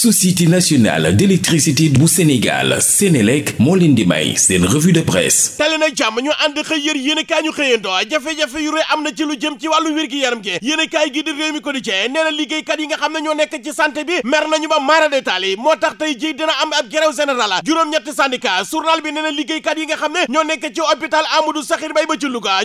société nationale d'électricité bu Sénégal Sénélec moo leen di may seen revue de presse tali nag jàmm ñu ànd xëy yër yéen ikaay ñu xëyandoo jafe-jafe yu rëy am na ci lu jëm ci wàllu wér-gi-yaram gi yéen ikaay gi di réew mi ko di cee nee liggéeykat yi nga xam ne ñoo nekk ci santé bi mer nañu ba mara détaal yi moo tax tey ji dina am ab grève générale juróom-ñetti syndicat journal bi nee na liggéeykat yi nga xam ne ñoo nekk ci hôpital Amadou Sakhir Mbaye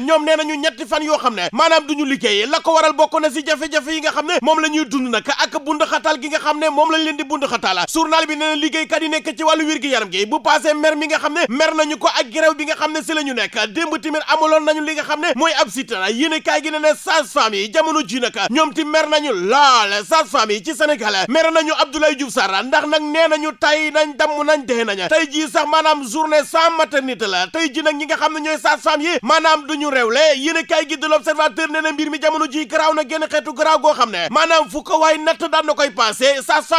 ñoom nee nañu ñetti yoo xam ne maanaam duñu liggéey la ko waral na si jafe-jafe nga xam ne moom la ñuy dund nag ak bund xatal gi nga xam moom lañ leen di bund xataala journal bi nee na liggéeykat yi nekk ci wàllu wér gi yaram gi bu passé mer mi nga xam ne mer nañu ko ak grève bi nga xam ne si la nekk démb tamit amuloon nañu li nga xam ne mooy ab sitana yéene kaay gi ne ne sage yi jamono ji nag ñoom ti mer nañu lool sage-femme yi ci Sénégal mer nañu Abdoulaye Diouf Sarr ndax nag nee nañu tay nañ damm nañ dee nañ tey jii sax maanaam journée sans maternité la tey ji nag ñi nga xam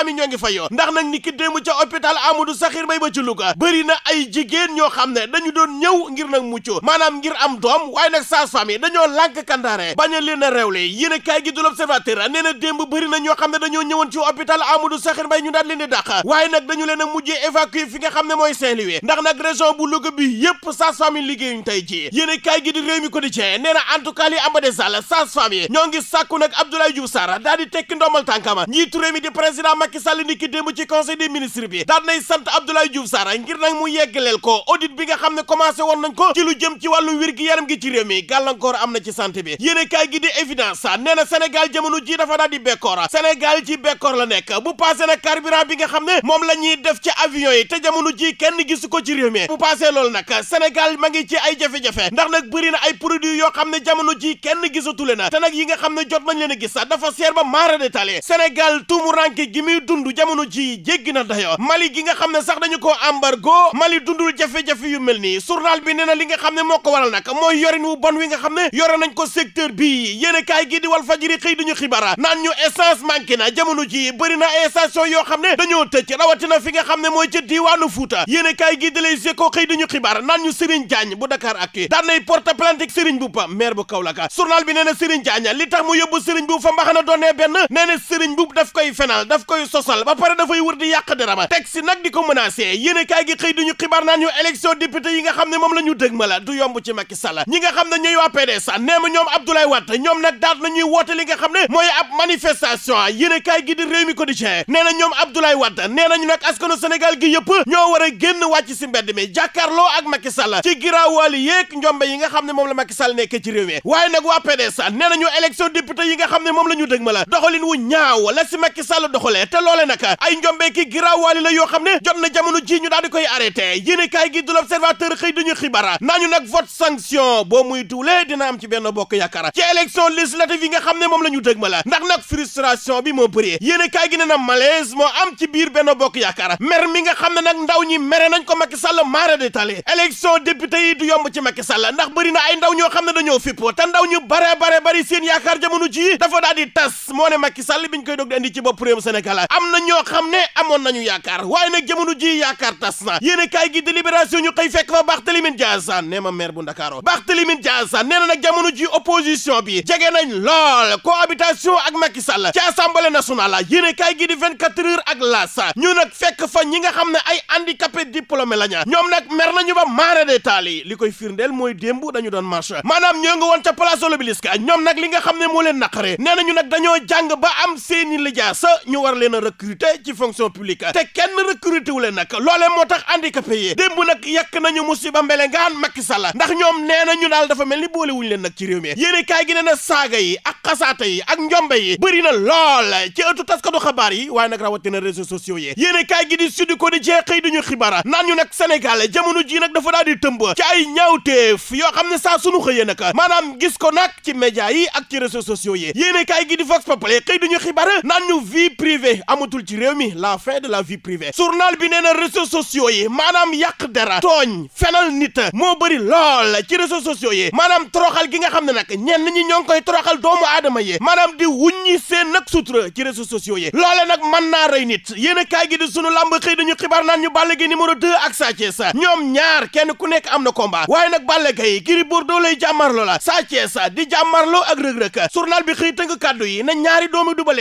ne ñooy di ndax nag ni ki démb ca hôpital Amadou Sakhir Mbaye ba ci Louga bëri ay jigéen ñoo xam ne dañu doon ñëw ngir nag muccoo maanaam ngir am doom waaye nag sage-femme dañoo lànk kandaare bañ a leen a réewle yéen a kaay gi du l'Observateur nee na démb bëri ñoo xam ne dañoo ñëwoon ci hôpital Amadou Sakhir ñu daal leen di dàq waaye nag dañu leen a mujjee évacuer fi nga xam ne mooy Saint-Louis ndax nag région bu Louga bi yépp sage-femme yi liggéeyuñ tey ji yéen a ni ki démb ci conseil des ministres bi daan sant Abdoulaye Diouf Sarr ngir nag mu yeggaleel ko audit bi nga xam ne commencé woon nañ ko ci lu jëm ci wàllu wér yaram gi ci réew mi gàllankoor am na ci santé bi yéene kaay gi di évidence nee na Sénégal jamono ji dafa daal di bekkoor Sénégal ci bekkoor la nekk bu passé nag carburant bi nga xam ne moom la def ci avion yi te jamono ji kenn gisu ko ci réew mi bu passé loolu nag Sénégal ma ci ay jafe-jafe ndax a gis dafa ba maara détaillé Sénégal tuumuranke jamono ji jéggi na dayo Mali gi nga xam ne sax dañu ko embargo Mali dundul jafe-jafe yu mel nii journal bi nee na li nga xam ne moo ko waral nag mooy yorin wu bon wi nga xam ne yore nañ ko secteur bii yéen a kaay gi di wal fajiri xëy ñu xibara naan ñu essence manqué na jamono ji bëri na station yoo xam ne dañoo tëj rawatina fi nga xam ne mooy ca diiwaanu Fuuta yéen a kaay gi di lay ko xëy duñu xibaar naan ñu Serigne Diagne bu Dakar Actu daan nay porte plainte Serigne bu pa nee na Serigne Diagne li tax mu yóbbu Serigne bu fa mbaxana doonee benn nee na Serigne bu koy fenal daf koy ba pare dafay wër di yàq ma teg si nag di ko menacé yéen kaay gi xëy duñu xibaar naan ñu élection député yi nga xam ne moom la ñu dëg ma yomb ci Macky Sall ñi nga xam ne ñooy waa PDS nee ma ñoom Abdoulaye Wade ñoom nag woote li nga xam ne mooy ab manifestation yéen kaay gi di Rewmi Quotidien nee na ñoom Abdoulaye nee nañu nag askanu Sénégal gi war a génn wàcc si mbedd mi jàkkaarloo ak Macky Sall ci giraawaali yéeg njombe yi nga xam ne moom la Macky Sall nekk ci réew mi waaye nañu élection député yi nga xam ne moom la ñu dëg ma la doxalin wu ñaaw la si Macky Sall doxalee te loole nag nag ay njombee ki giraawaali la yoo xam ne jot na jamono ji ñu daal di koy arrêté yéene kaay gi du l'observateur xëy dañu xibara nañu nag vote sanction boo muy duulee dina am ci benn bokk yaakaar ci élection législative yi nga xam ne moom la ñu dëg ma la ndax nag frustration bi moo bëri yéene kaay gi ne na malaise moo am ci biir benn bokk yaakaar mer mi nga xam ne nag ndaw ñi mere nañ ko Macky Sall maara de tali élection député yi du yomb ci ndaw ñoo xam ne dañoo ndaw ñu bare bare bari seen yaakaar jamono ji Sall biñ koy ci bopp réewum Sénégal am nañ ñoo xam ne amoon nañu yaakaar waaye nag jamono ji yaakaar tas na yéene kaay gi délibération ñu xëy fekk fa Barthélémy Dias nee ma maire bu Ndakaaru Barthélémy Dias nee na nag jamono ji opposition bi jege nañ lool cohabitation ak Macky Sall ci assemblée nationale yéene kaay gi di 24 heures ak las ñu nag fekk fa ñi nga xam ne ay handicapé diplômé lañu ñoom nag mer nañu ba maara de yi li koy firndeel mooy démb dañu doon marche maanaam ñoo woon ca place de l'Obélisque ñoom nag li nga xam ne moo leen naqare nag dañoo jàng ba am seeni lijaasa ñu war leen a rëkk recruter ci fonction publique te kenn recruter wu leen nag loolee moo tax handicapé yi démb nag yàq nañu musiba mbelengaan Macky Sall ndax ñoom nee na ñu daal dafa mel ni boole wuñu leen nag ci réew mi yéene kaay gi nee na saaga yi ak xasaata yi ak njombe yi bëri na lool ci ëttu taskatu xabaar yi waaye nag rawatina réseaux sociaux yi yéene kaay gi di Sud Quotidien xëy duñu xibaar naan ñu nag Sénégal jamono ji nag dafa daal di tëmb ci ay ñaawteef yoo xam ne saa yi ak ci réseaux sociaux yi yéene kaay gi di Vox Populi xëy amatul ci réew la fin de la vie privée journal bi nee na réseaux sociaux yi maanaam yàq dara tooñ fenal nit moo bëri lool ci réseaux sociaux yi maanaam toroxal gi nga xam ne nag ñenn ñi ñoo koy toroxal doomu aadama yi maanaam di wuññi seen nag sutura ci réseaux sociaux yi loole nag mën naa nit yéen a gi di sunu làmb xëy dañu xibaar naan ñu Balla Gaye numéro 2 ak Sa Thiès ñoom ñaar kenn ku nekk am na combat waaye nag Balla Gaye Gris Bordeaux lay jàmmarloo la Sa Thiès yi na ñaari doomu Double